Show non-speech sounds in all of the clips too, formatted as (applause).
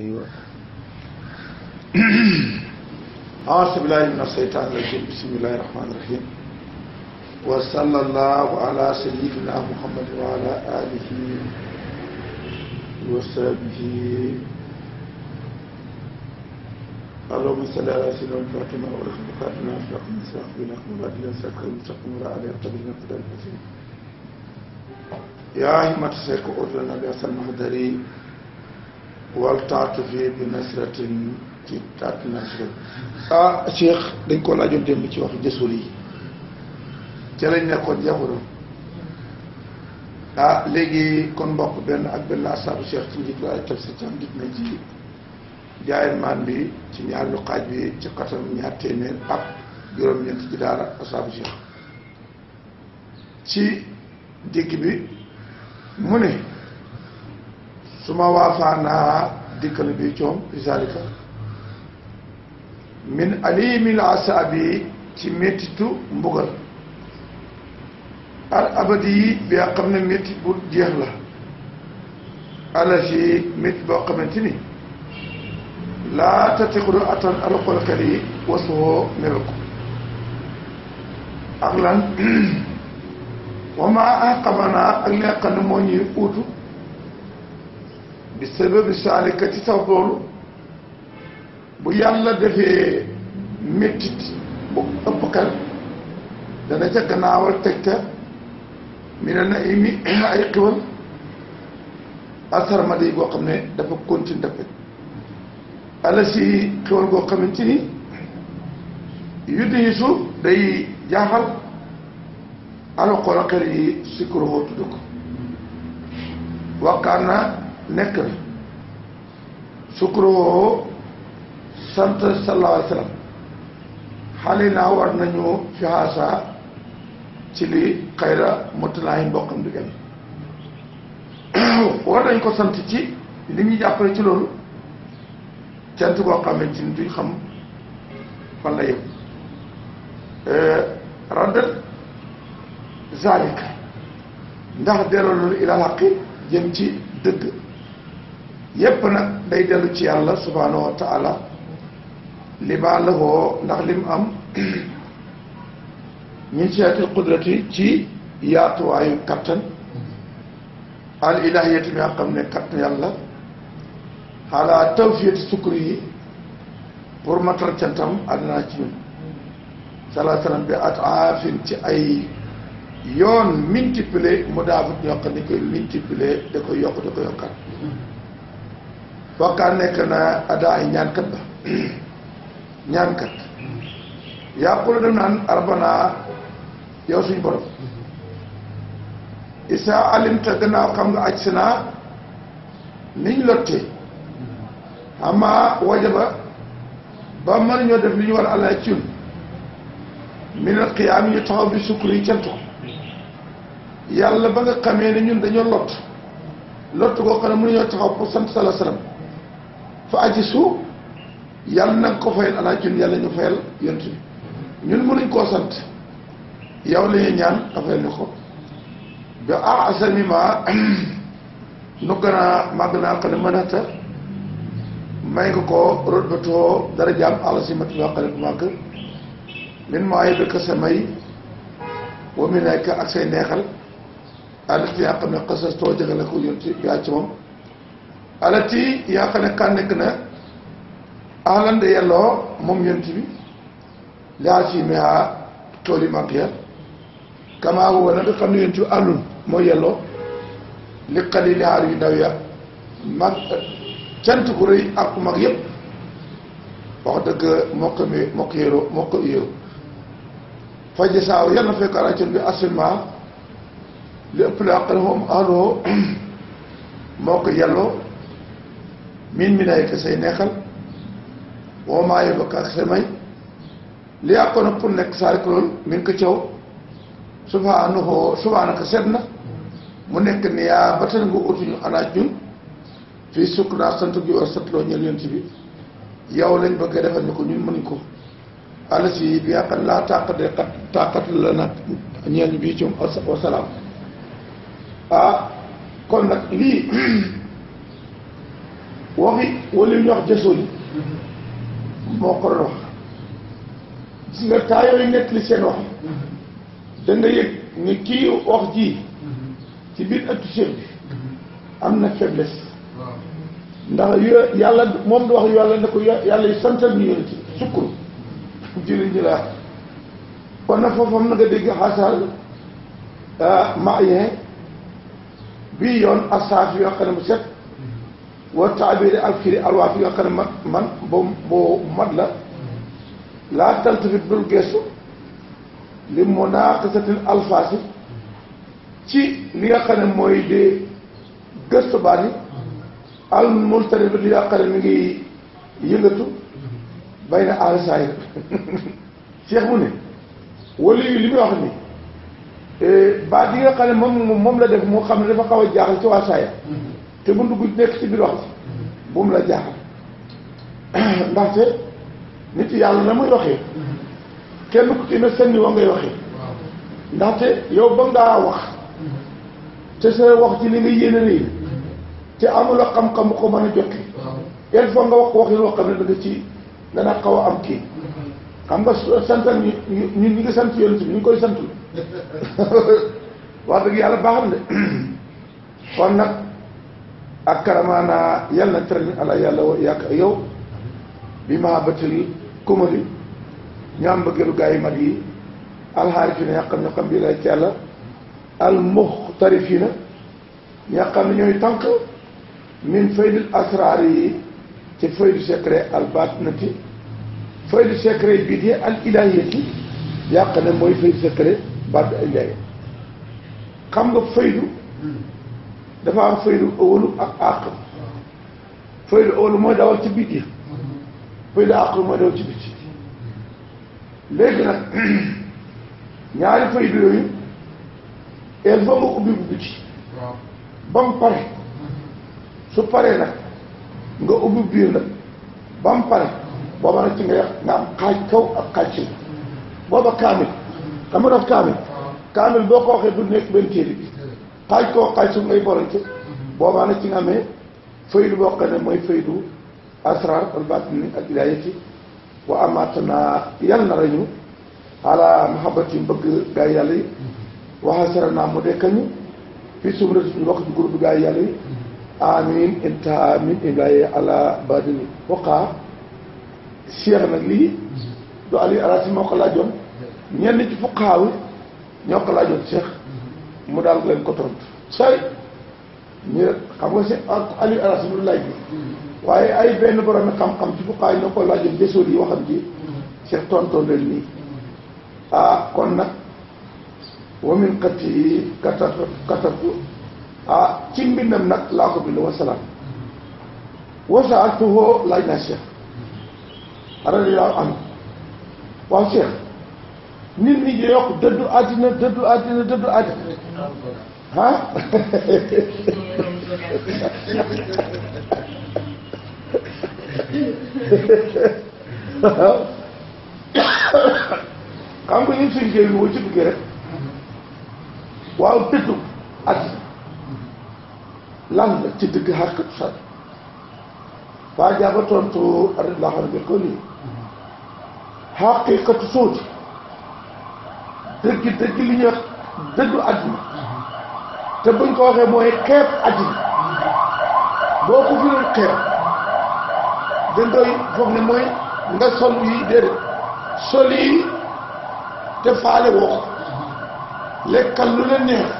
أيوة (clears throat) أعوذ بالله من الشيطان الرجيم بسم الله الرحمن الرحيم وصلى الله على سيدنا محمد وعلى آله وصحبه اللهم صل على سيدنا فاطمة ورحمة فاطمة فاطمة ساقبنا مبادئ ساقب المستقيم على قبلنا قدر الحسين يا همة سيكو أرلنا بأس المهدرين wal taatu fii bi nasratin ci taatu nasra ah Cheikh dañ ko laajoon démb ci wax jësul yi ca lañ nekkoon jamono ah léegi kon mbokk benn ak benn asaabu Cheikh ci njiit waaye taf si cam nañ ci jaayeen maan bi ci ñaar lu xaaj bi ci xatam ñaar téeméer ak juróom-ñeent ci daara asaabu Cheikh ci dégg bi mu ne su ma waafaanaa dikkal bi coom bi zalika min alimil asaabi ci méttitu mbugal al abadi yi xam ne métti bu jeex la alafi métti boo xamante ni laa tatiqulu atan alxolkat yi wasoo melal ko ak lan (clears throat) wa maa aqabana ak li xam ne moo ñuy uutu bi sababi saalika ci sax loolu bu yàlla defee méttit bu ëpp xel dana ca gannaawal tegta mi ne na mi ay xiwal asarmada yi goo xam ne dafa continue dafa ala si xiwal goo xamante ni yuddi yi suuf day jaaxal ala xol a xel yi sikkuroo tudd ko waxtaan na nekk sukkuroo sant sallallahu alayhi wa sallam xale naa war nañu fi xaasa ci li xayra mottalaayi mbokkam di gën war nañ ko sant ci li ñu jàppale ci loolu cant boo xamee ci duñ xam fan la yëpp eh, raddat zalika ndax delloo loolu ilal xaqi jëm ci dëgg yépp nag day dellu ci yàlla subhaanahu wa taala li baa lëxoo ndax lim am (clears throat) min qudrati ci yaatuwaayu kattan al ilahiyati mi nga xam ne kattan yàlla xaalaa tawfiyati sukkur yi pour matal cantam àddina ci ñun salaa salaam bi at aafin ci ay yoon multiplier mu daafut ñoo xam ne koy multiplier da koy yokk da koy yokkaat wakkaan nekk na adaa ñaankat ba ñaankat yàqulu dem naan arbana yow suñu borom isa alimta gannaaw xam nga aj si naa niñ lottee ama wajaba ba mën ñoo def li ñu war a àlla ci ñun minal qiyaam ñu taxaw bi sukkuri cant ko yàlla ba nga xamee ne ñun dañoo lott lott koo xam ne mënuñoo taxaw pour sant sala fa aji su yàlla na nga ko fayal ala ñun yàlla ñu fayal yonent bi ñun mënuñ koo sant yow la ñuy ñaan nga fayal ñu ko ba ah asami ma nu gën a màgg naa xam ne mën ata may nga ko root dara jaam àll si matu ba xam ne bu màgg min maay bëgg sa may wa mi nekk ak say neexal àll bi nga xam ne xasas too jëgale ko yonent bi yaa moom alati yaa xam ne kan nekk na alande yelloo moom yent bi laa si mea tool yi màgg ya kama huwa na nga xam ne yent bi àllun mooy yelloo li xali liaar yu ndaw ya mag cant ku rëy ak mag yëpp wax dëgg moo ko mee moo ko yéeroo moo ko yéeru faje saaw yal na fekk alacon bi asfinement li ëpp la ak moom aloo moo ko yelloo miin mi lay say neexal woo maa yóbbu ak sa may li yàqoon na pour nekk saari kulool mi ngi ko caw subhaanahu subhaanaka set na mu nekk ni yaa ba tey nga utuñu anaaj ñun fii sukk naa sant gi war satloo ñel si bi yow lañ bëgg a defal ñu ko ñun mënuñ ko àll si bi yàqat laa tàqate xat tàqat la nag ñeel ñu bii ci wasalaam ah kon nag lii waxi wala li ñuy wax jësooli moo ko doon wax nga taa yooyu nekk li seen wax da nga yëg ni kii wax ji ci biir ëttu chef bi am na faiblesse ndax yo- yàlla moom du wax yàlla ne ko yàlla yu santal ñu yonent bi sukkuru jëli kon nag foofu am na nga dégg xasaal ah, mayen bii yoon ak saaf yoo xam bu set war taabiri ak firi alwaaf yi nga xam ne man man boo boo mat la laa taltafit bul gestu li munaaqisatil alfaasi ci li nga xam ne mooy de gëstu baat yi al multarib li nga xam ne mi ngi yëngatu bay na aal saa mu ne wala li muy wax ni eh, baat yi nga xam ne moom moom la def moo xam ne dafa xaw a jaaxal ci waa saaya te bu dugg nekk ci biir wax ji bu mu la jaaxal (clears throat) ndaxte nit yàlla na muy waxee kenn ku ci ne seen woo ngay waxee ndaxte yow ba ngaa wax te sa wax ci li nga yéene nii te amula xam-xam bu ko mën a joxe il faut nga wax wax loo xam ne da ci dana xaw a am kii xam nga santal ñu ñu ñi ngi sant yonent bi ñu ngi koy sant (laughs) wax dëgg yàlla baaxam de (clears throat) kon nag akkaramaana yal na teral ala yàlla yàq yow bi maa bëtil kumali ñaam bëggeelu gaa yi mag yi alxaarifiina ña xam ñoo xam bii lay ci yàlla almuxtarifiina ña xam min faydul asraar ci faydu secret al batinati faydu secret bii al ilahiyati yàq ne mooy faydu secret bat ilaahi xam nga faydu dafa am faydu awalu ak àqam faydu awalu mooy dawal ci biti faydu àqam mooy dawal ci biti léegi nag (clears throat) ñaari faydu yooyu il faut mu ubbi bu biti ba mu pare su paree nag nga ubbi biir nag ba mu pare booba nag ci nga yàq nga am xaaj kaw ak xaaj ci booba kaamil xam nga daf kaamil kaamil boo ko waxee du nekk benn téere bi xaaj koo xaaj suuf ngay boolante boobaa nag ci nga amee faydu boo xam mooy faydu asrar al batini ak ilaayati wa amaatana yal na rañu ala mahabati bëgg gaa yàlla yi waxa sara naa mu dekkañu fii suum rek suñu wax ci groupe gaa yàlla yi amin intaha min imlaaye ala badini waqaa cheikh nag lii du ali alaasi moo ko laajoon ñenn ci fuqaawi ñoo ko laajoon cheikh mu daal leen ko tontu say ñu xam nga si laaj bi waaye ay benn borom xam-xam ci fuqaay ñoo ko laajoon desool yi waxam ji Cheikh tontoon leen nii ah, kon nag wa min xat yi katat katatu ah ci nag laa ko bind wasalaam wasaatuhoo laaj naa Cheikh radiyallahu anhu waaw Cheikh nit ñi di yokk dëddu àddina dëddu àddina dëddu xam nga ñun suñu jëriñ woo ci duggee rek waaw dëddu àddina lan la ci dëgg xàqatu sar faa jaaba tontu arrêt laa xam ne ko lii xaqiqatu dëgg dëgg li ñuy wax dëggu te buñ ko waxee mooy xeeb àdduna boo ko fi doon xeeb dañ doy foog ne mooy nga sol yi déedéet sol yi te faale woo ko lekkal lu la neex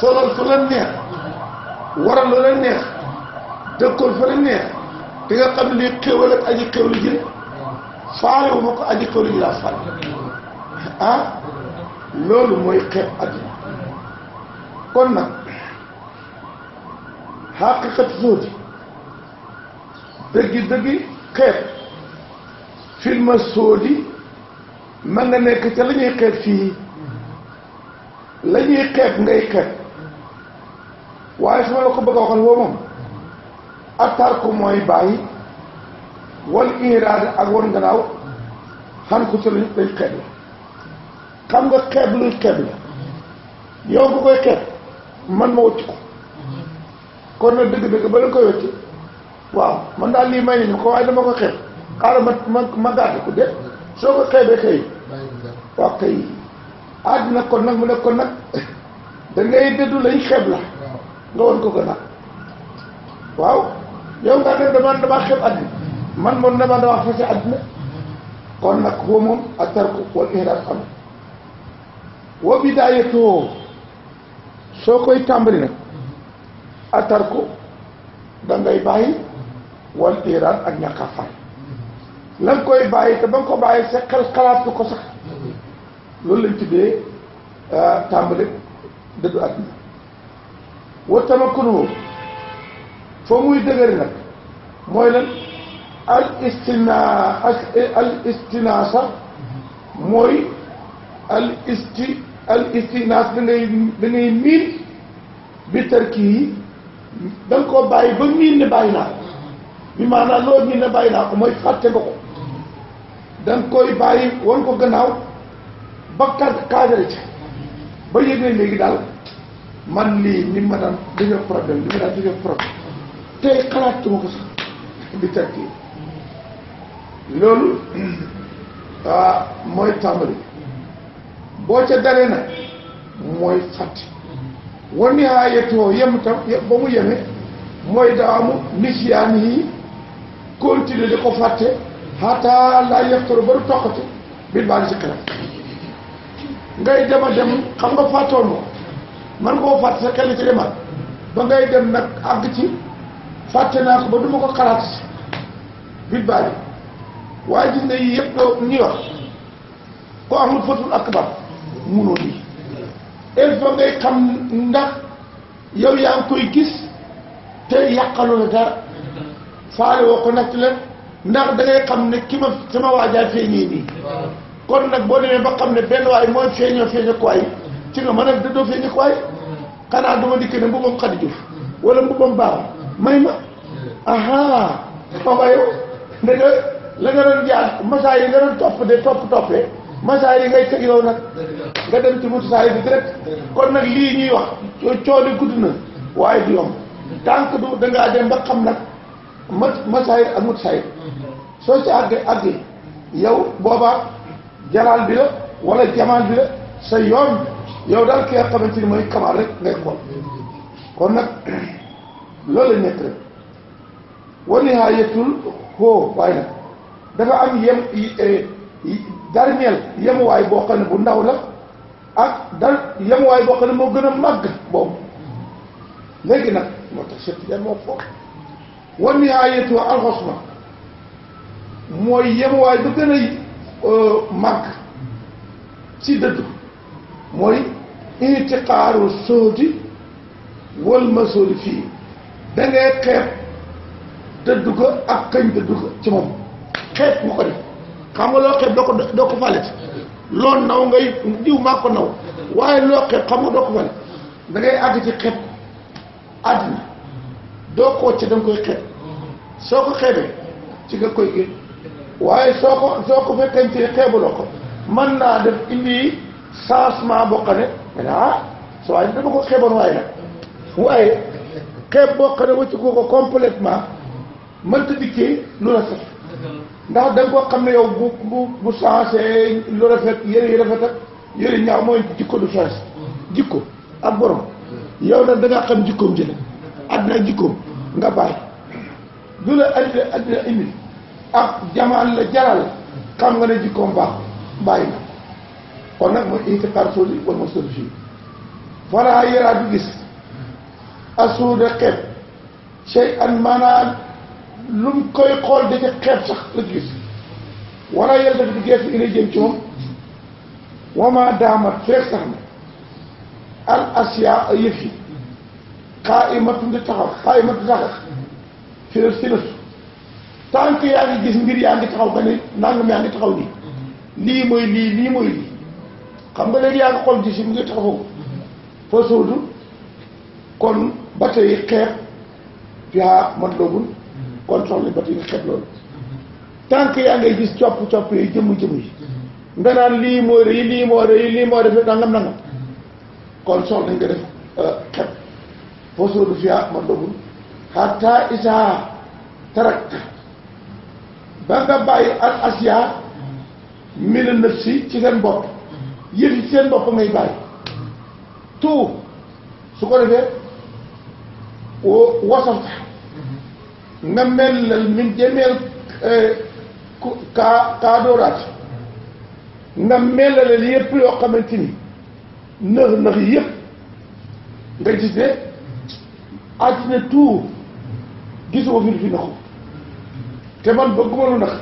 solal fu la neex waral lu la neex dëkkoon fa la neex di nga xam ne lii xéwal ak aji xéwlu ji ko aji xéwlu laa faale لولو موي خير ادنا كون نا حقيقه زوجي دغي دغي خير في هناك ما نا نيك تا لا ني خير في لا ني خير ngay خير واي هناك لاكو بغا وخال و موم اتارك موي باي والاراده اك ور غناو خان كو تلي خير xam nga xeeb luy xeeb la yow nga koy xeeb man ma wëcc ko kon nag dëgg-dëgg ba la koy wëcc waaw man daal lii may nañu ko waaye dama ko xeeb xaaral ma ma ma gàddu ko de soo ko xeebee xëy waaw xëy àddina kon nag mu ne kon nag da ngay dëddu lañ xeeb la nga won ko gën a waaw yow nga ne dama dama xeeb àddina man moom dama dama fase àddina kon nag foo moom ak tarku wal ihraas am wa bidaayatu soo koy tàmbali nag atarku da ngay bàyyi wal iran ak ñàkk a fay la nga koy bàyyi te ba nga ko bàyyi sa xel xalaatu ko sax loolu lañ tuddee euh, tàmbali dëddu àdduna wa tamakkunu fa muy dëgëri nag mooy lan al istina al istinaasa mooy al isti al istinaas da ngay da ngay miin bi tarki yi da nga koo bàyyi ba miin ne bàyyi naa ko bi maanaam loolu miin ne bàyyi naa ko mooy fàtte nga ko da koy bàyyi wan ko gannaaw ba kad cadre ci ba yëg ne léegi daal man lii ni ma daan dañoo problème li ma daan dañoo problème tey xalaatuma ko sax bi tarki yi loolu (clears throat) ah, mooy tàmbali boo ca daree nag mooy fàtt wa nihaayatoo yem tam ba mu yeme mooy daamu nisiyaan yi continuer di ko fàtte xataa laa yextaru ba du toqati bil si xelam ngay dema dem xam nga fàttoon moom man koo fàtte sa xel ci demal ba ngay dem nag àgg ci fàtte naa ko ba duma ko xalaat si bil baa waaye gis yii yëpp ñuy wax ko amul fatul akbar munoo lii il faut ngay xam ndax yow yaa ngi koy gis te yàqalu la dara faale woo ko natt la ndax da xam ne ki ma sama waajaa feeñee nii kon nag boo demee ba xam ne benn waay mooy feeñoo feeñakuwaay ci nga mën a dëddoo feeñakuwaay xanaa duma dikk ne mbubbam Xadi Juuf wala mbubbam baax may ma aha ma wayo ndega la nga doon jaar masaa yi nga doon topp de topp toppee masaar ngay teg yow nag nga dem ci buntu saar yi direct kon nag lii ñuy wax coono gudd na waaye du yomb tànk du dangaa dem ba xam nag ma masaay ak mut saay soo ci àggee àggee yow boobaa jalaal bi la wala jamaal bi la sa yoon yow daal ki nga xamante ni mooy kamaal rek ngay xool kon nag loolu nekk rek wa nihaayatul xoo waaye nag dafa am yem eh, garmeel yemuwaay boo xam ne bu ndaw la ak dal yemuwaay boo xam ne moo gën a màgg boobu léegi nag moo tax Cheikh Tidiane moo foofu wa nihaayatu alxosma mooy yemuwaay bu gën a euh, màgg ci dëddu mooy intiqaaru sóoti wal masooli fii da ngay dëddu ko ak kañ dëddu ko ci moom xeeb mu ko def xam nga loo xeeb doo ko doo ko falet loo naw ngay diw maa ko naw waaye loo xeeb xam nga doo ko falet da àgg ci xeeb àddina doo ko wàcce da koy xeeb soo ko xeebee ci nga koy génn waaye soo ko soo ko fekkente xeebuloo ko mën naa def indi changement boo xam nga ne ah soo waaye dama ko xeeboon waaye nag waaye xeeb boo xam ne wàcce ko ko mënta dikkee lu la sax ndax da nga ko xam ne yow bu bu bu changé lu rafet yëre yu rafet ak yëre ñaaw mooy jikko du changé jikko ak borom yow nag da ngaa xam jikkoom jële àddina jikkoom nga bàyyi lu la àddina àddina ak jamaan la jaral xam nga ne jikkoom baax bàyyi na kon nag mooy itiqaar soli wala ma soli fii falaa yaraa du gis asuuda xeeb chey an maanaam lu mu koy xool da ca xeeb sax la gis wala yàlla dafa di geesu ilay jëm ci moom wama daamat fekk sax na al asiya yëf yi xaa imatun di taxaw xaa imatu taxaw fi la silatu tant que yaa ngi gis mbir yaa ngi taxaw nga ne nangam yaa ngi taxaw nii lii mooy lii lii mooy lii xam nga léegi yaa ngi xool gis yi mu ngi taxaw foofu fa soodu kon ba tey xeeb fiaa man loogul contrôle ba tey xet loolu tànk yaa ngay gis copp copp yi jëmm jëmm yi nga naan lii moo rëy lii moo rëy lii moo defee nangam nangam kon soxla nga def euh, xet fasoodu fiya ah, ma dogul xataa isaa tarak ba nga bàyyi al asiya mina nafsi ci seen bopp yëf yi seen bopp ngay bàyyi tout su ko defee wasafta na mellal min jameel euh, kaa kaadooraat na mellalal yépp yoo xamante ni nëx nëx yépp nga gis ne àddina tuur gisuma fi fi naxu te man bëgguma lu nax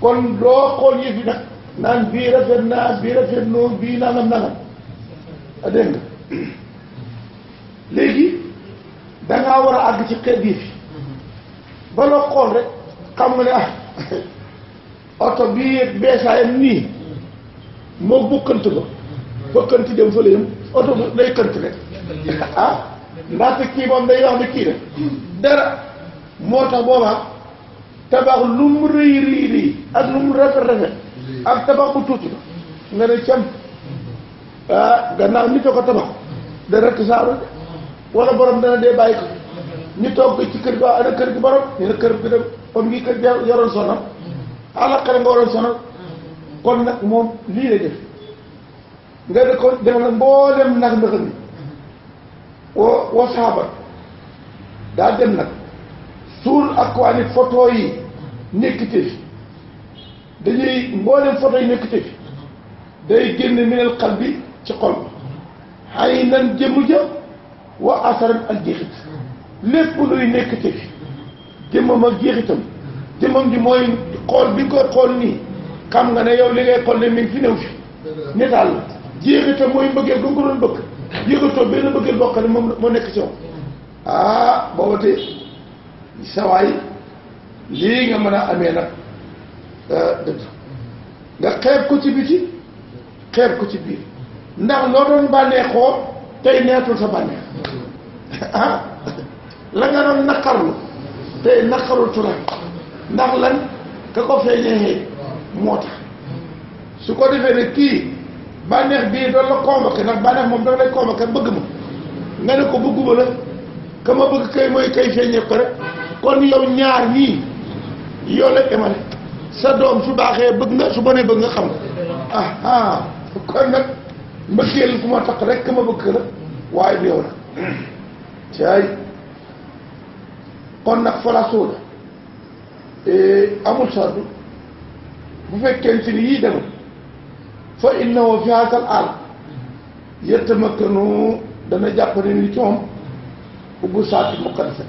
kon loo xool yëf yi nag naan bii rafet naa bii rafet noo bii nangam nangam a dégg nga léegi dangaa war a àgg ci xeet yëf yi ba loo xool rek xam nga ne ah oto bii beesaayam nii moo bëkkant ba bëkkant dem fële yam oto bu day kënt rek ah ndaxte kii moom day wax ne kii rek dara moo tax boobaa tabax lu mu rëy rëy rëy ak lu mu rafet rafet ak tabax bu tuuti ba nga ne cam ah gannaaw nit a ko tabax dana tisaaru de wala borom dana dee bàyyi ko ñu toog ci kër gi waaw ana kër gi borom ñu kër gi dem comme ngi kër gi yoroon sonal àllaqare nga waroon sonal kon nag moom lii la def nga ne ko def nag mboolem nag ndax mi woo woo saaba dem nag suul ak waa nit photo yi nekkite fi dañuy mboolem photo yi nekkite fi day génn minel xal bi ci xol xay nan jëmu jëm wa asaran ak jeexit lépp luy nekk ci jëmmam ak jeexitam jëmmam ji mooy xool bi nga koy xool nii xam nga ne yow li ngay xool ne mi ngi fi néew fi netaal la jeexitam mooy mbëggeel bu nga ko bëgg yëgatoo benn mbëggeel boo xam ne nekk ci yow ah booba te sawaay lii nga mën a amee nag euh, dëgg nga xeeb ko ci bi ci xeeb ko ci biir ndax loo doon bànneexoo tey neetul sa bànneex (laughs) ah la nga doon naqarlu tey naqarul turam ndax lan ka ko feeñee moo tax su ko defee ne kii bànneex bii doon la convoqué ndax bànneex moom dafa lay convoqué bëgg ma nga ne ko bëgguma la bëgg kay mooy kay feeñee ko ñaar ñii yow la emale sa doom su baaxee bëgg nga bonee bëgg nga xam ah ah kon nag mbëggeel ku ma tax rek ka ma bëgg la waaye du yow la kon nag falaasoo la amul sardu bu fekkente ni yii demul fa innahu fi haasal aal yatamakkanu dana jàpp ne ni coom ubbu saati muqaddasa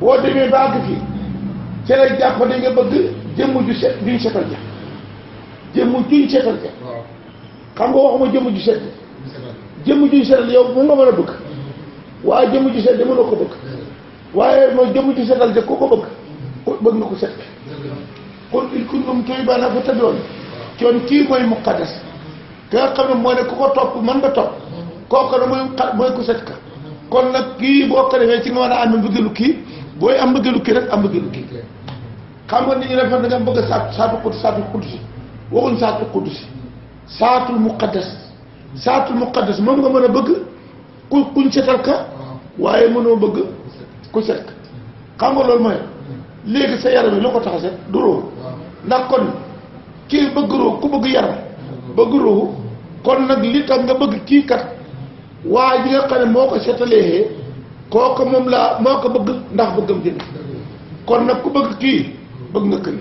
boo demee ba àgg fii ci lay jàpp bëgg jëmm ju set juñ setal ja jëmm juñ setal ja xam nga waxuma ju set jëmm yow mu nga mën a bëgg mm-hmm. waaye jëmm ju set da mënoo ko bëgg waaye mooy jëmm ci setal ja ku ko bëgg ku bëgg nga ko set kon il kuntum tuhibbuuna fa tabi'uun coon kii mooy muqaddas ki nga xam ne moo ne ku ko topp mën nga topp kooku ne mooy mooy ku set ka kon nag kii boo ko defee ci nga mën a am mbëggeelu kii booy am mbëggeelu kii rek am mbëggeelu kii xam nga nit ñi dafa da nga bëgg a saatu xud saatu xuddusi waxuñ saatu xuddusi saatul muqaddas saatul muqaddas moom nga mën a bëgg ku kuñ setal ka ah. waaye mënoo bëgg ko set xam nga loolu mooy léegi sa yaram yi lu ko tax a set du ruux ndax kon kii bëgg ruux ku bëgg yaram bëgg ruux kon nag li tax nga bëgg kii kat waa ji nga xam ne moo ko setalee kooku moom laa moo ko bëgg ndax bëggam jënd kon nag ku bëgg kii bëgg nga këri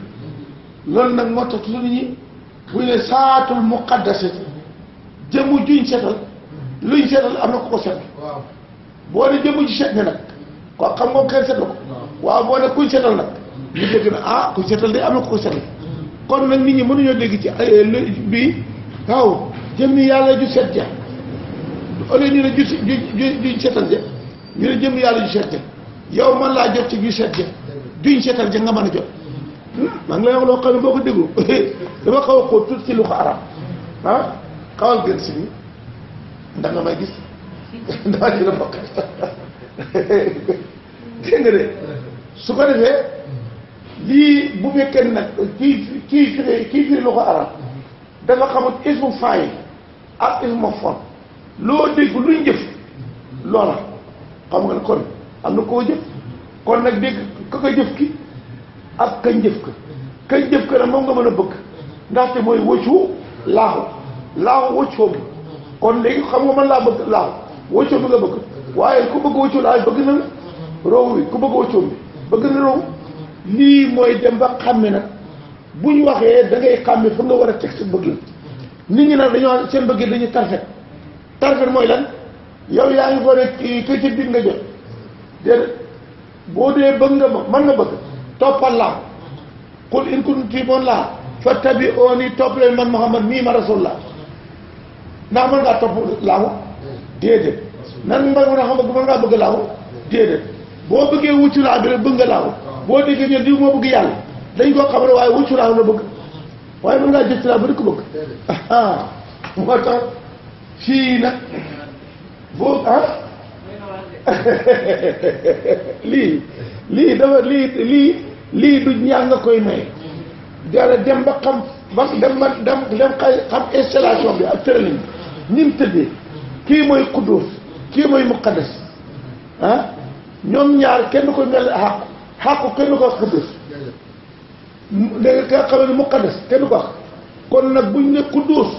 loolu nag moo tax lu ñi bu ne saatul muqaddasati jëmu juñ setal luñ setal am na ku ko setal boo ne jëmu ji set ne nag waa xam nga kenn seetlu ko waaw boo ne kuy seetal nag ñu dégg na ah kuy seetal de am na ko ko seetal mm. kon nag nit ñi mënuñoo dégg ci bii waaw jëm ni yàlla ju seet ja au lieu ñu ne jëm ni yàlla ju seet ja yow man laa jot ci ju seet ja duñ seetal ja nga mën a jot mm. maa ngi lay loo xam ne boo ko déglu (laughs) dama xaw a xóot tuuti ci lu ko arab mm. ah xawal gën si bi ndax nga may gis (laughs) ndax dina bokk (laughs) dégg nga de su ko defee lii bu fekkee nag kii kii firi kii firi lu ko arab dafa xamut ismu faay ak ismu fon loo dégg luñ jëf loola xam nga kon am na koo jëf kon nag dégg ka ko jëf ki ak kañ jëf ka kañ jëf ka nag moom nga mën a bëgg ndaxte mooy wëccu laaxu laaxu wëccoo bi kon léegi xam nga man laa bëgg laaxu wëccoo bi nga bëgg waaye ku bëgg wëccu laaxu bëgg na la roow wi ku bëgg waccoom bi bëgg na roow lii mooy dem ba xàmme nag bu ñu waxee da ngay xàmme fa nga war a teg sa bëggin nit ñi nag dañoo seen bëggin dañuy tarfet tarfet mooy lan yow yaa ngi ko ne këy ci biir nga jot déedéet boo dee bëgg nga ma nga bëgg toppal laa qul in kuntum laa fattabi'uuni topp leen man Muhammad mii ma rasulullah ndax mën ngaa topp laamu déedéet nan nga mën a xam bëgg mën ngaa bëgg laamu déedéet boo bëggee wuccuraan bi rek bëgg nga laaw boo déggee ñoom lii moo bëgg yàlla dañ koo xam ne waaye wuccuraan la bëgg waaye mën ngaa jëstilaa ba di ko bëgg ah moo tax fii nag boo ah (laughs) lii lii dafa lii lii lii du ñaan nga koy may dem ba xam ba dem xam installation bi ak tëralin ñim tëddee kii mooy kudduus kii mooy muqaddas ah? ñoom ñaar kenn ko mel xàqu xàqu kenn ko wax xudus léegi ka xam ne muqaddas kenn ko wax kon nag buñ ne xudus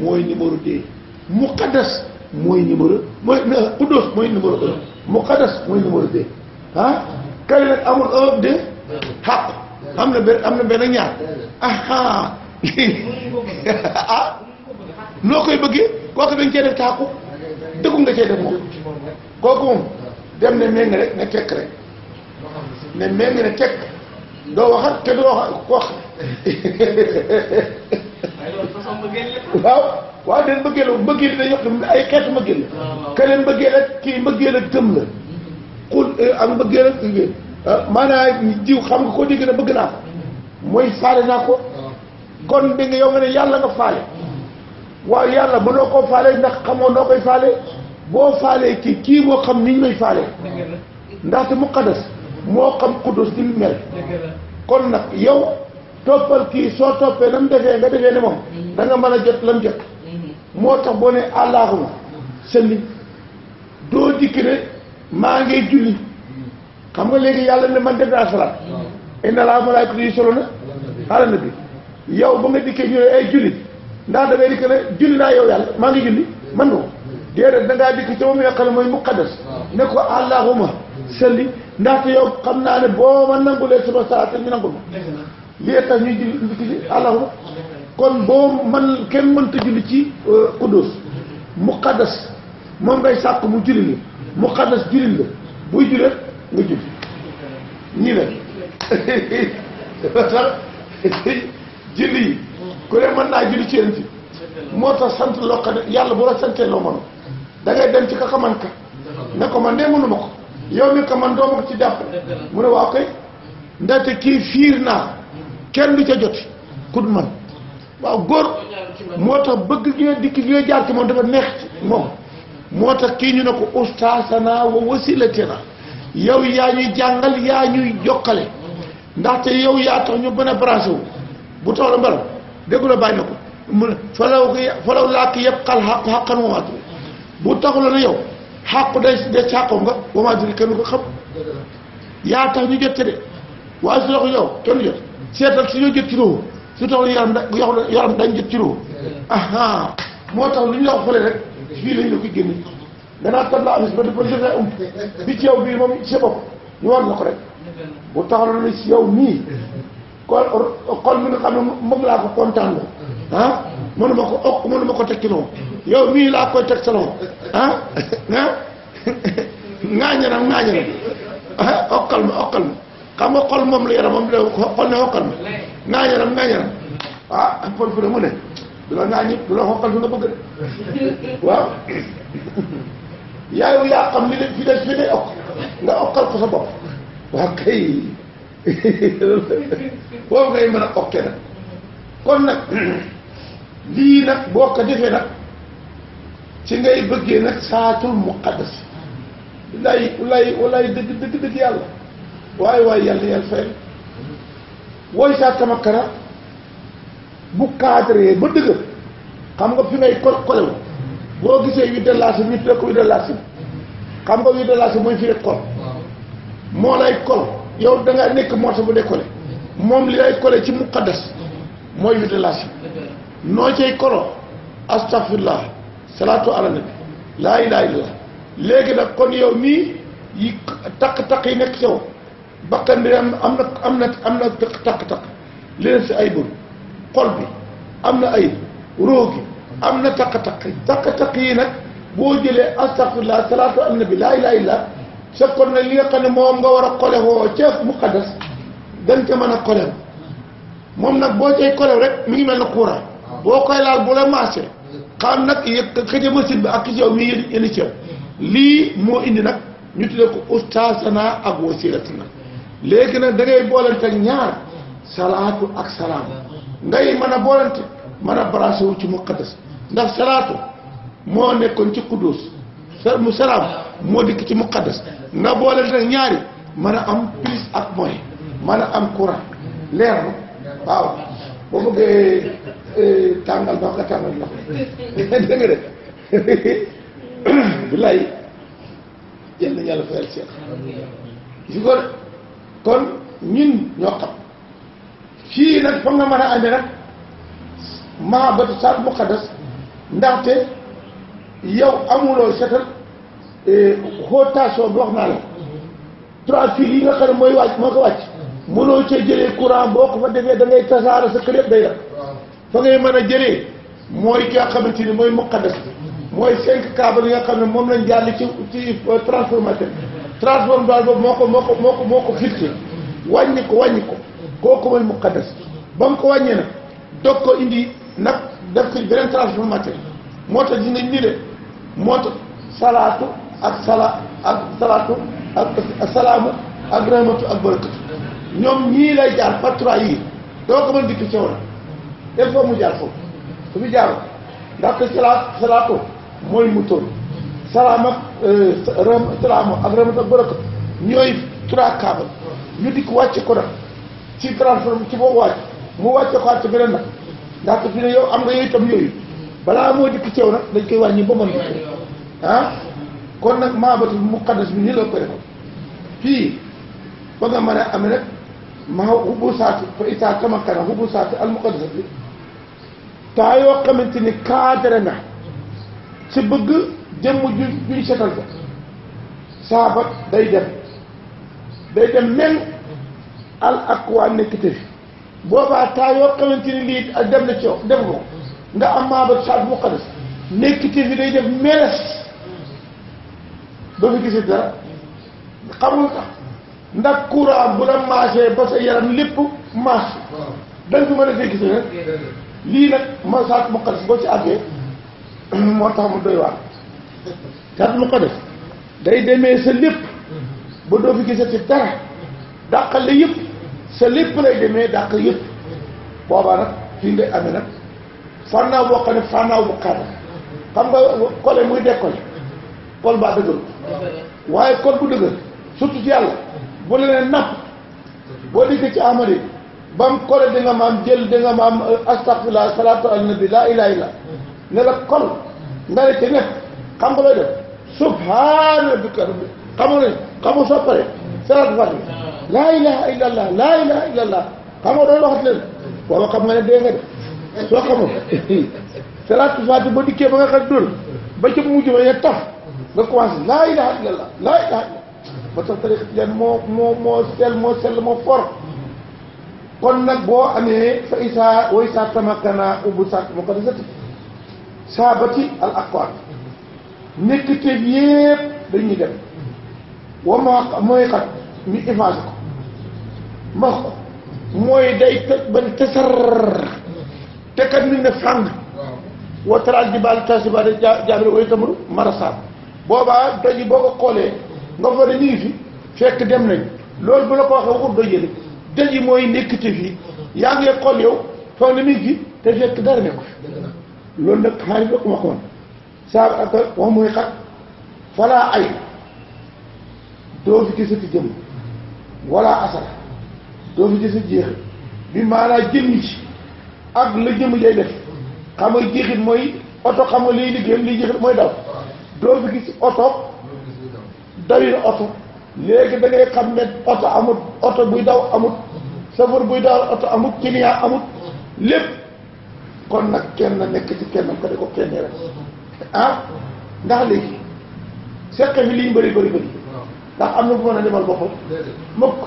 mooy numéro deux muqaddas mooy numéro mooy xudus mooy numéro ah? nag amul un deux xàqu am na benn am na benn ñaar (laughs) ah? noo koy bëggee kooku dañ cee def ci xàqu dëggu nga cee def moom kooku moom dem ne méng rek ne tekk rek ne méng ne tekk doo waxat te doo wax waaw waaw den mbëggeel mbëggeel dañ wax ay xeetu mbëggeel la keneen mbëggeel ak kii la xul eh, ak ah, jiw xam nga ko dégg na bëgg naa ko mooy faale naa ko kon di nga yow nga ne yàlla nga faale waaw yàlla mënoo koo faale ndax xamoo noo koy faale boo faalee kii kii moo xam niñ may faalee ndaxte muqaddas moo xam quddus ni mu mel kon nag yow toppal kii soo toppee na mu defee nga defee ne moom da mën a jot lan jot moo tax boo ne allahuma sëlli doo dikk ne maa ngi julli xam nga léegi yàlla ne man def naa salaat inna laa malaayikatu yusalluuna ala nabi yow ba nga dikkee ñu ay julli ndax da ngay dikk ne julli naa yow yàlla maa ngi julli man nga déedéet da ngaa dikk ca moom nga xam ne mooy muqaddas ne ko allahuma salli ndaxte yow xam naa ne boo ma nangulee sama salaat ñu nangul ma lii tax ñuy julli ci allahuma kon boo man kenn mënta julli ci euh, quddus muqaddas moom ngay sàkk mu julli la muqaddas julli la buy jullee nga julli ñii ne ba tax julli yi ku ne mën naa julli ci yéen ci moo tax sant loo xam yàlla boo la santee loo dangay dem ci ka ko ka ne ko man de mënu ko yow mi ko man ko ci jàpp mu ne waaw koy ndaxte kii fiir naa kenn du ca jot ku dul man waaw góor moo tax bëgg gi nga dikk gi nga jaar ci moom dafa neex moom moo tax kii ñu ne ko ustaasana wa wasilatina yow yaa ñuy jàngal yaa ñuy jokkale ndaxte yow yaa tax ñu bën a branché wu bu tax la mbaram déggu la bàyyi na ko mu falaw falaw laa ki yëpp xal xaq xaqan bu taxuloo ne yow xàqu day de càqoom nga wamaadiri kenn ko xam yaa tax ñu jot ci de waaye su ko yow kenn jot seetal su ñoo jot ci loolu su taxul yaram da yaram dañ jot ci loolu aha moo tax lu ñu la ko xoolee rek fii lañ la ko génne danaa tabla amis ba dafa defee um bi ci yow bii moom sa bopp ñu war na ko rek bu taxuloo ne si yow nii kon xol mi nga xam ne moom laa ko ah mënuma ko okk mënuma ko teg kilo yow mii laa koy teg salon ah ah ŋaañanam ŋaañanam ah okkal ma okkal ma xam nga xol moom la yaram moom la xol ne okkal ma ŋaañanam ŋaañanam ah am xol fu ne mu ne du la ŋaañi du la okkal fi nga bëgg de waaw yaayu yaa xam li leen fi des fi ne okk nga okkal ko sa bopp waaw kay (laughs) foofu ngay mën a okkee nag kon nag lii nag boo ko defee nag ci ngay bëggee nag saatul muqaddas lay lay lay dëgg dëgg dëgg yàlla waaye waaye yàlla yàlla fayal wooy saa tamakara bu cadré ba dëgër xam nga fi ngay kole kolewu boo gisee wi dalaasi ñu tuddee ko wi dalaasi xam nga wi dalaasi mooy firi kol moo lay kol yow da nekk morceau bu décollé moom li lay collé ci muqaddas mooy wi noo cay kono astafirlah salaatu ala nabi laa ilaha illallah léegi nag kon yow mii yi takk-takk yi nekk yow bakkan bi am na am na am na takk-takk leneen si ay bon xol bi am na ay róo gi am na taq takk takk-takk yi nag boo jëlee astafirlah salaatu ala nabi laa ilaha illallah sa kon nag li nga xam ne moom ga war a kole woo ceef muqaddas dañ ca mën a kolew moom nag boo cay kolew rek mi ngi mel na courant boo koy laal bu la marché xam nag yëg xëj a machine bi ak ki yow mii initial lii moo indi nag ñu tuddee ko ustaasana ak wasiilatana léegi nag da ngay boolante ak ñaar salaatu ak salaam ngay mën a boolante mën a branché wu ci muqaddas ndax salaatu moo nekkoon ci quddus mu salaam moo dikk ci muqaddas nga boolante ak ñaari mën a am plus ak moyen mën a am courant leer na waaw boo bëggee. tàngal ndox nga tàngal ndox dégg nga de (coughs) billaay yal na yàlla fayal seet si ko kon ñun ñoo xam fii nag fa nga mën a amee nag mahabatu sal muqaddas ndaxte yow amuloo setal rotation e, bi wax naa la trois fils yi nga xam ne mooy wàcc moo ko wàcc mënoo cee jëlee courant boo ko fa defee da ngay tasaara sa kër day def fa ngay mën a jëlee mooy ki nga xamante ni mooy muqaddas bi mooy cinq câble yi nga xam ne moom lañ jàll ci ci transformateur transformateur boobu moo ko moo ko moo ko moo ko ko wàññi ko kooku mooy muqaddas ba mu ko wàññee nag doog ko indi nag def ko beneen transformateur moo tax di nga moo ta salaatu ak sala ak salaatu ak salaamu ak rahmatu ak barakatu ñoom ñii lay jaar par doo ko mën dikk ci woon il faut mu jaar foofu su fi jaaroo ndaxte salaat mooy mu tóol salaam ak euh, salaam ak ramat ak baraka ñooy trois kaaba ñu dikk wàcce ko nag ci transforme ci boobu wàcc mu wàcce ko àtte beneen nag ndaxte fi ne yow am nga tam itam yooyu balaa moo dikk ceew nag dañ koy wàññi ba mën ko ah kon nag maabatul muqaddas bi nii la ko defal fii ba nga mën a amee nag maa hubbu saati fa isaa kama kana hubbu saati al muqaddas bi temps yoo xamante ni cadre na ci bëgg jëmm ju juñ setal ko saaba day dem day dem même al aqwa nekk te boobaa temps yoo xamante ni lii ak dem na ci dem ko nga am maabat saat muqaddas nekk te fi day def meles ba fi gisee dara xamul tax ndax courant bu la maasee ba sa yaram lépp maas danga fi mën a see gisee lii nag mooy saat muqaddas boo ci àggee moo tax mu doy waar saat muqaddas day demee sa lépp ba doo fi gisati dara dàqale yëpp sa lépp lay demee dàq yëpp boobaa nag fii ngay amee nag fànnaaw boo xam ne fànnaaw bu xar xam nga kole muy décolle kol baa dëgëru waaye kol bu dëgër surtout yàlla bu la ne napp boo dikkee ci amari bam kole da nga maam jël da nga maam eh, astafirlah salaatu ala nabi laa ilaha illa ne la kol nga ne ci nekk xam nga lay def subhaana rabbika rabbi xamu ne xamu soo pare salaatu fati laa ilaha illa allah laa ilaha illa allah xam nga doon waxat leen booba xam nga ne dee nga de soo xamul (laughs) salaatu fati ba dikkee ba nga xam dul ba ci mujj ba ne taf nga commencé laa ilaha illa allah laa ilaha illa ba tax tariqa leen moo moo moo sell moo sell moo fort kon nag boo amee fa isaa way saa tamakana ubbu sàkk mu ko desati saabati al aqwaat nekk teef yépp dañuy dem wa ma mooy xat ñu effacé ko mbax ko mooy day tëj ba tasar te kat nit ne fàng wa taraat ji baal tasi ba de jaabire way tamru marasaab boobaa doj boo ko xoolee nga fa ne ñu fi fekk dem nañ loolu bu la ko waxee waxut doj yi dëj yi mooy nekkite fii yaa ngi xool yow foog na mi ngi te fekk dara nekku fi loolu nag xaalis ba ku ma ko woon saa ak wax muy xat falaa ay doo fi gisati jëm wala asara doo fi gisati jeex bi maanaa jëmm ci ak la jëmm jay def xam nga jeexit mooy oto xam liy liggéeyam liy jeexit mooy daw doo fi gis oto dawin oto léegi da ngay xam ne oto amut oto buy daw amut safar buy daw oto amut client amut lépp kon nag kenn nekk ci kenn ko di ko kenn rek ah léegi seqe bi liñ bëri bëri bëri ndax am na bu mën a demal boppam mukk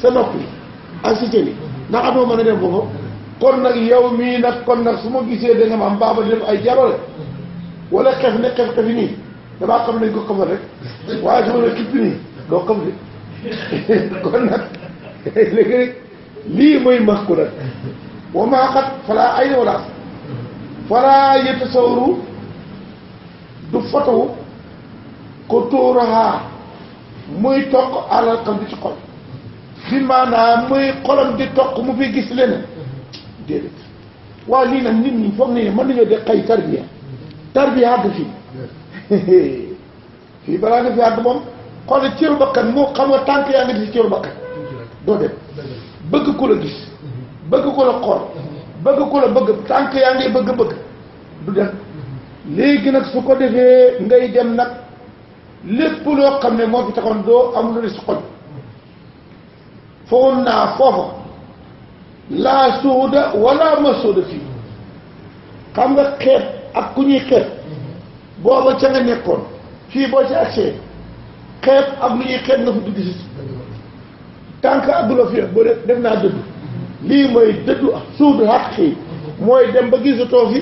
sa nopp yi ak si cëli ndax am na bu mën a dem boppam kon nag yow mii nag kon nag su ma gisee da nga ma am baaba di def ay jabale wala xef ne xef xefi nii damaa xam nañ ko xamal rek waaye su ma ne kippi doo xam li kon nag léegi rek lii mooy max ku nag wa maa xat falaa ay na walaas falaa yëtt sawru du fotowu ko tuuraxaa muy toq alal xam di ci xol bi maanaam muy xolam di toq mu fi gis leneen déedéet waaw lii nag nit ñi foog nañu mën nañoo de xëy tarbiya tarbiya àgg fii (laughs) fii balaa nga fi àgg moom xoolal cëru bakkan moo xam nga tànk yaa ngi ci cëru bakkan doo dem bëgg ku la gis bëgg ku la xool bëgg ku la bëgg tànk yaa ngi bëgg bëgg du dem léegi nag su ko defee ngay dem nag lépp loo xam ne moo fi taxoon doo am lu ne si xol foogoon naa foofa laa suuda wala ma suuda fii xam nga xeet ak ku ñuy xeet booba ca nga nekkoon fii boo ci accès xeeb ak lu ñuy xeeb nga fa dugg si tant que addula fi boo def def naa dëddu lii mooy dëddu suudu xaq yi mooy dem ba gisatoo fi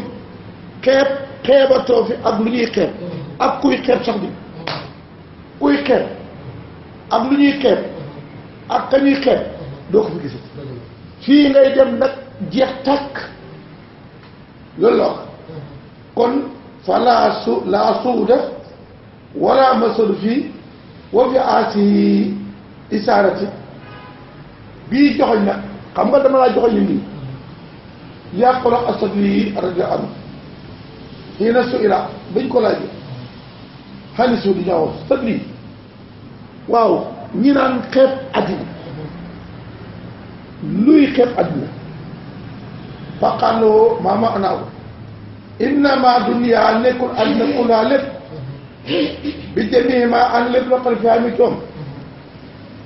xeeb xeebatoo fi ak lu ñuy xeeb ak kuy xeeb sax bi kuy xeeb fi ngay dem nag jeex tàkk loolu la wax fa laa su laa suuda wala masalu wa bi aasi isaarati bii joxoñ na xam nga dama laa joxoñ ni nii yàqula asadli rajo anu xii na su ila bañ ko laaj xani su di ñaawoon sadli waaw ñi naan xeeb addina luy xeeb addina faqaaloo maama anaaw innama dunia nekkul addina kulaa lépp bi jamii ma an lépp loo xam ne fi am i coom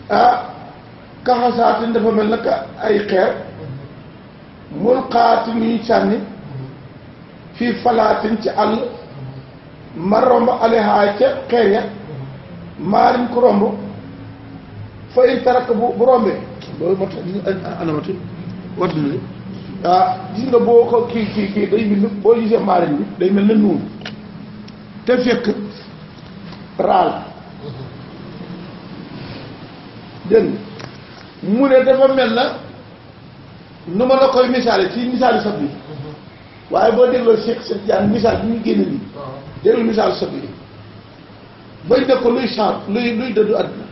ah dafa mel nag ay xeer mulqaatin yuñ sànni fii falaatin ci àll ma romb alehaa ca xeer ya maarin ko romb fa in tarak bu rombee loolu moo tax ñu ah, boo ko kii kii kii day mel boo gisee maarin bi day mel na nuun te fekk raal dégg mu ne dafa mel na nu ma la koy misaale ci misaali sab bi waaye boo dégloo Cheikh Cheikh Diagne misaal bi ñu génne nii déglu misaal sab bi bañ ne ko luy change luy luy dëddu àdduna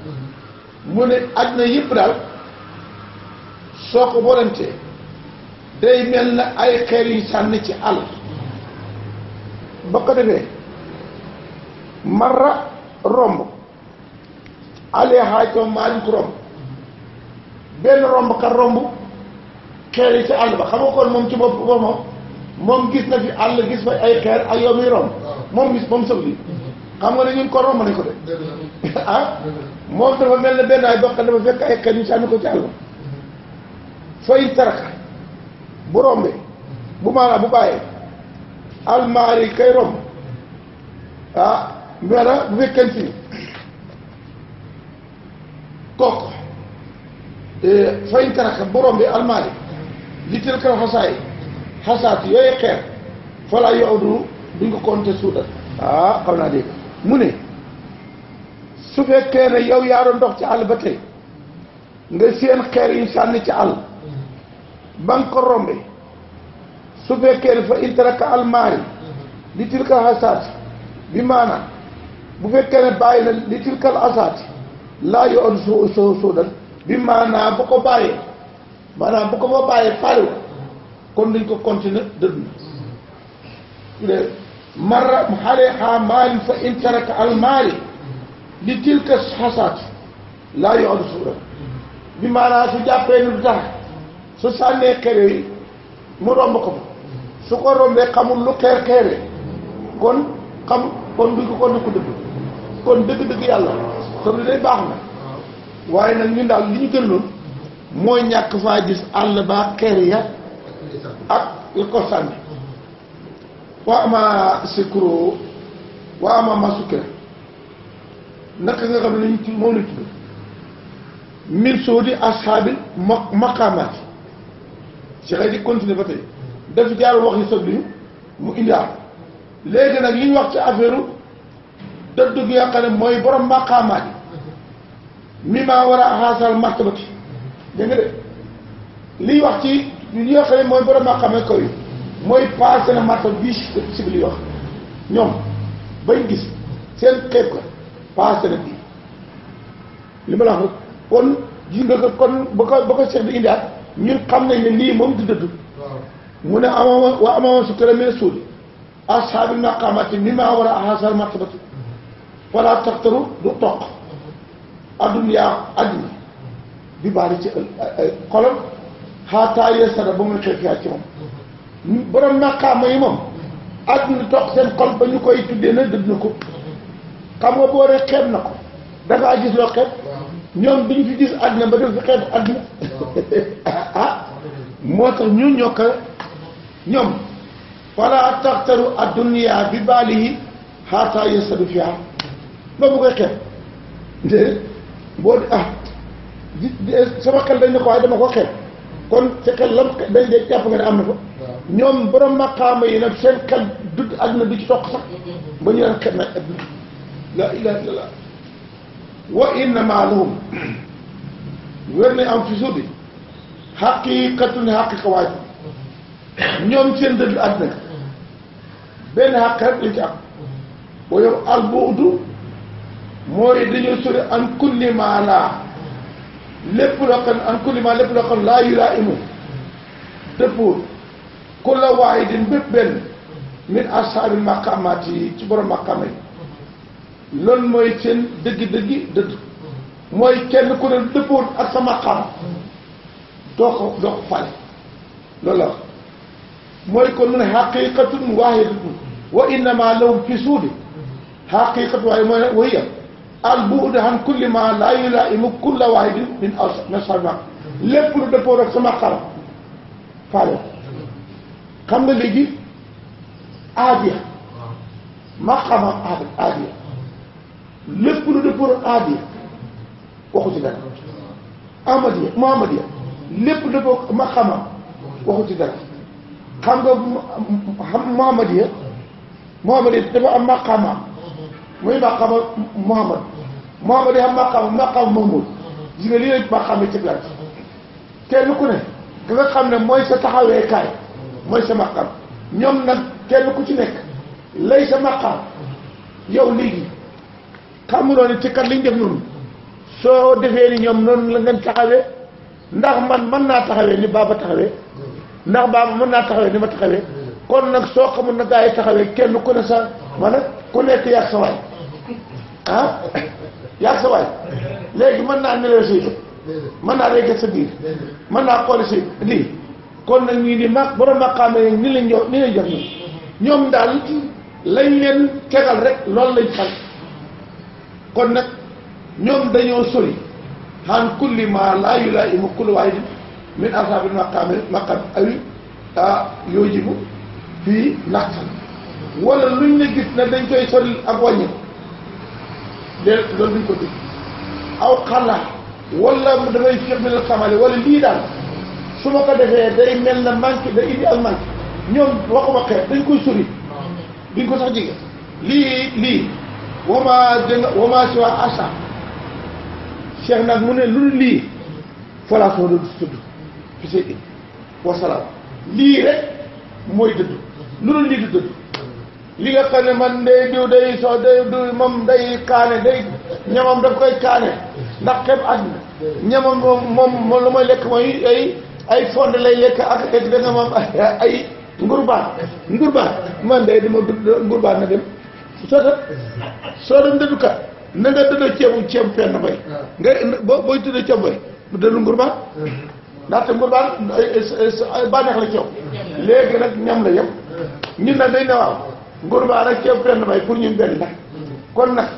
mu ne àdduna yëpp daal soo ko borantee day mel na ay xeer yu sànni ci àll ba ko defee marra romb ale xaaj toom maalik romb benn romb kat romb xeer ci àll ba xam nga kon ci bopp moom moom gis na fi àll gis fa ay xeer ak yow romb moom gis moom xam nga ne ñun ko romb nañ ko de (laughs) ah moom dafa mel ne benn ay bokk dafa fekk ay xeer ñu sànni ko ci àll ba fay taraka bu rombee bu maanaam bu bàyyee almaari kay romb ah? mera bu fekkente ni kooku e, fayin taraka borom bi almaari li teel kër xasaay xasaat yooyu xeer falaa yow du duñ ko compter suudal. ah mu ne su fekkee ne yow yaa doon ci àll ba tey nga seen xeer yi sànni ci àll ba nga su fekkee ne fa in taraka almaari li tilka xasaat bi maanaam. bu fekkee ne bàyyi na li tilkal asaati laa yu on soo soo suudan bi maanaam bu ko bàyyee maanaam bu ko fa bàyyee faale kon duñ ko continuer dëdd na marra xaleha maalin fa in taraka al maali li tilka xasaati laa yu on suudan bi maanaam su jàppee ni du tax su sànnee xere yi mu romb ko fa su ko rombee xamul lu xeer xeere kon xam kon du ko kon ko dëgg kon dëgg-dëgg yàlla xam ne day baax na waaye nag ñun daal li ñu gënaloon mooy ñàkk faa gis àll baa xeer ya ak li ko sànni waa ama sikuro waa ama masukkira naka nga xam ne ñu moom la tudd min soodi ashaabil ma maqaamaati si xëy di continuer ba tey daf jaar wax yi soog mu indiwaat léegi nag li wax ci affaire dëddu gi nga xam ne mooy borom maqaamaa ji mi maa war a xaasal martabati dégg nga de liy wax ci li nga xam ne mooy borom maqaama kaw yi mooy passé na martab bii si li wax ñoom bañ gis seen xeeb ko passé na bii li ma la wax kon ji ko kon ba ko ba ko seet di indiaat ñun xam nañ ne lii moom di dëdd mu ne amama waa amama su tëramee suuli ashaabi naqamati mi maa war a ahasal martabati wala taxtaru du toq addun yaa adduna bi baari ci xolom xaataa yeesara ba muy xeef ci moom borom naqaama yi moom adduna toq seen xol ba ñu koy tuddee na dëdd ko xam nga boo rek na ko dangaa gis loo xeeb ñoom bi ñu fi gis adduna fi xeeb adduna (laughs) ah, ah. moo tax ñun ñoo ko ñoom wala taxtaru addunia bi baalihi xaata yasadu fiha ba bu koy xeeb de boo ah sama xel dañ ne ko waaye dama ko xeeb kon sa xel lam dañ de jàpp nga am na ko ñoom borom maqaama yi nag seen xel dudd àdduna bi sax ba ñu leen xeeb nag adduna la wa inna maalahum wér na am fi suudi xaqiqatun xaqiqa waaj ñoom seen dëdd àdduna benn xàq rek lañ ci am boo yow albuudu mooy dañoo sori an kulli lépp loo xam an kulli lépp loo xam laa yulaa imu dëppoo ku la waaye din bépp benn min asaabi maqaamaat yi ci borom maqaama yi loolu mooy seen dëgg-dëgg dëdd mooy kenn ku ne dëppoon ak sa maqaama doo ko doo ko fale loolu la wax mooy kon mun a xaqiqatun waahidatun وإنما لهم في سوري حقيقة وهي البعد عن كل ما لا يلائم كل واحد من أصحابنا لفل دفورك سما خرم فعلا كم لجي آدية ما خرم آدية لفل دفورك آدية وخذ ذلك آمدية ما آمدية لفل دفورك ما خرم وخذ ذلك كم محمد مامدية Muhammad it dafa am maqaama muy maqaama Muhammad Muhammad yi am maqaama maqaama Mahmoud gis nga lii lañ maqaama ci biir kenn ku ne ka nga xam ne mooy sa taxaweekaay mooy sa maqaam ñoom nag kenn ku ci nekk lay sa maqaam yow léegi xamuloo ne ci kat liñ def noonu soo defee ni ñoom noonu la ngeen taxawee ndax man mën naa taxawee ni baaba taxawee ndax baaba mën naa taxawee ni ma taxawee kon nag soo xamul nag gaa yi taxawee kenn ku ne sa maanaam ku nekk yàgg sa waay ah sa waay léegi mën naa nelaw say bët mën naa regg sa biir mën naa xool si lii kon nag ñii di mag borom maqaama yi ni lañ jox ni lañ jox ñoom daal lañ leen tegal rek loolu lañ xam kon nag ñoom dañoo sori xan kulli ma laa yulaa'imu kullu waahidin min ashaabil maqaami maqaam aw ah, yoojibu fii naxtan wala luñ la gis ne dañ koy sori ak wàññi léegi loolu duñ ko dégg aw xalaat wala mu dafay fiix mi la samale wala lii daal su ma ko defee day mel na manqué day indi ak manqué ñoom waxuma xeet dañ koy sori duñ ko sax jege lii lii wama danga wama si waa asa cheikh nag mu ne lu lii falaasoo du tudd fi see it wasalaam lii rek mooy dëdd lu dul lii du dëgg li nga xam ne man de diw day so day diw moom day kaane day ñamam daf koy kaane ndax xeeb àdduna ñamam moom moom lu may lekk mooy ay ay fonde lay lekk ak et da nga moom (laughs) ay ngurbaan ngurbaan man day dama dund ngurbaan na dem soo dem soo dem na nga dëddoo ceebu ceeb penn bay nga boo booy dëddoo ceebu bay bu dëddu ngurbaan mm-hmm. ndaxte ngurbaan bànneex la ceew mm-hmm. léegi nag ñam la yëpp ñun nag dañ ne waaw mburu baa nag ceebu benn mbay pour ñun benn na kon nag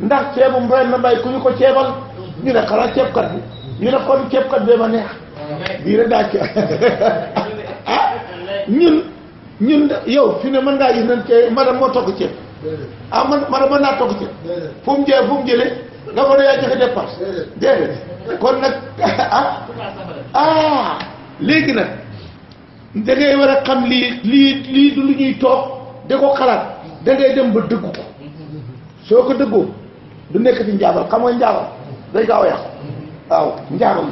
ndax ceebu benn mbay ku ñu ko ceebal ñu a xanaa ceebkat bi ñu ne kon ceeb ceebkat bee ma neex bii rek daa ci (laughs) a ah, ñun ñun yow fi ne mën ngaa gis nañ cee madame moo togg ceeb ah man madame mën naa togg ceeb fu mu jëlee fu mu jëlee nga war a yaa joxe dépense déedéet kon nag (laughs) ah ah nag da war a xam lii lii lii du lu ñuy toog da ko xalaat da dem ba dëggu ko soo ko dëggoo du nekk ci njaabal xam nga njaabal day gaaw a yàqu waaw njaabal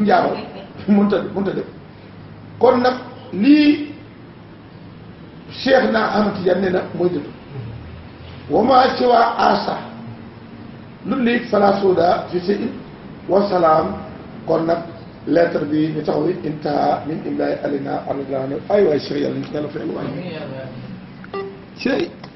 (laughs) njaabal mënut a mënut a def kon nag lii Cheikh naa Ahmad Tijaan nee na mooy dëgg wama siwa asa lu lii fala suuda fi si in wasalaam kon nag لا تربي لتغوي انتهى من إملاء ألنا عن الله أيوة شيء يلا فعلوا شيء